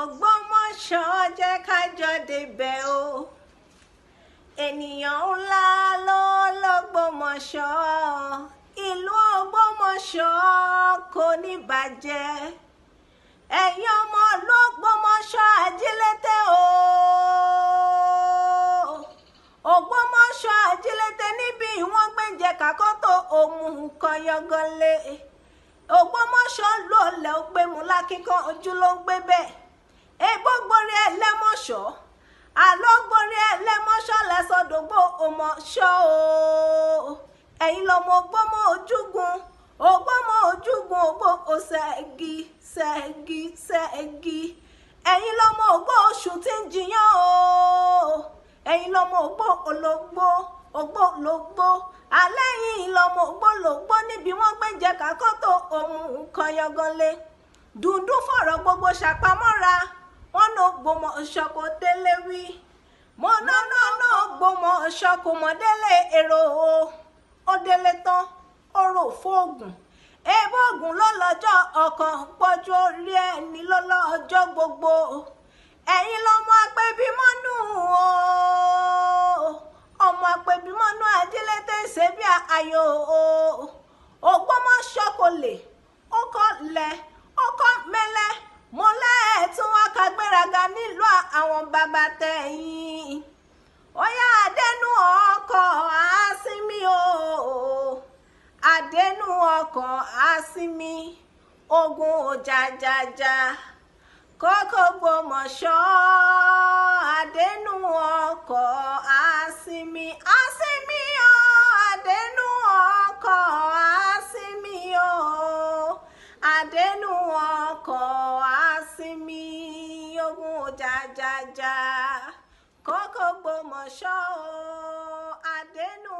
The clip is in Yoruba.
Ògbómọ̀ṣọ́ jẹ́ ká jọ débẹ̀ o ènìyàn ńlá ló l'Ógbómọ̀ṣọ́ ìlú Ògbómọ̀ṣọ́ kò ní bàjẹ́ ẹ̀yin ọmọ l'Ógbómọ̀ṣọ́ Ajílété o Ògbómọ̀ṣọ́ Ajílété níbi wọ́n gbẹ̀jẹ̀ kàkọ́tò òun kọyọgọlé Ògbómọ̀ṣọ́ lò lẹ́ ó gbé mu lákìkan ojú ló ń gbé bẹ́ẹ̀ ègbógbórí ẹlẹ́mọ̀ṣọ́ àlọ́gbórí ẹlẹ́mọ̀ṣọ́ lẹ́sọ̀dọ̀gbò òmọ̀ṣọ́ o ẹ̀yin lọ́mọ ògbómọ ojúgun ògbómọ ojúgun ògbó òṣègi ṣègi ṣègi ẹ̀yin lọ́mọ ògbó oṣù tí ń jiyàn o ẹ̀yin lọ́mọ ògbó ológbó ògbó lógbó alẹ́ yìí lọ́mọ ògbó lógbó níbi wọ́n gbẹ́jẹ kakọ́tò òun kan yọgànlé dùndún fọ̀rọ̀ gbogbo ṣàpamọ́ra no gbomo ṣọkọ délé wí mo náná náà gbomo ṣọkọ mọ délé èrò o ó délé tán ó rò fóògùn ebóògùn ló lọ́jọ́ ọkàn pọ̀jù orí ẹni e ló lọ́jọ́ gbogbo ẹ̀yin lọmọ apẹbímọ́nù o ọmọ apẹbímọ́nù ajílété ṣe bí ayò o ògbómọ̀ṣọ́ kò lè ó kọ́ lẹ̀. àwọn bàbá tẹ̀yìn ó yá àdénú ọkọ̀ àásímí o àdénú ọkọ̀ àásímí ogun òjàjàjà kókó gbòmọ̀ṣọ́ àdénú ọkọ̀ àásímí àásímí. jájájá kókó gbòmọ̀ṣọ́ o àdénú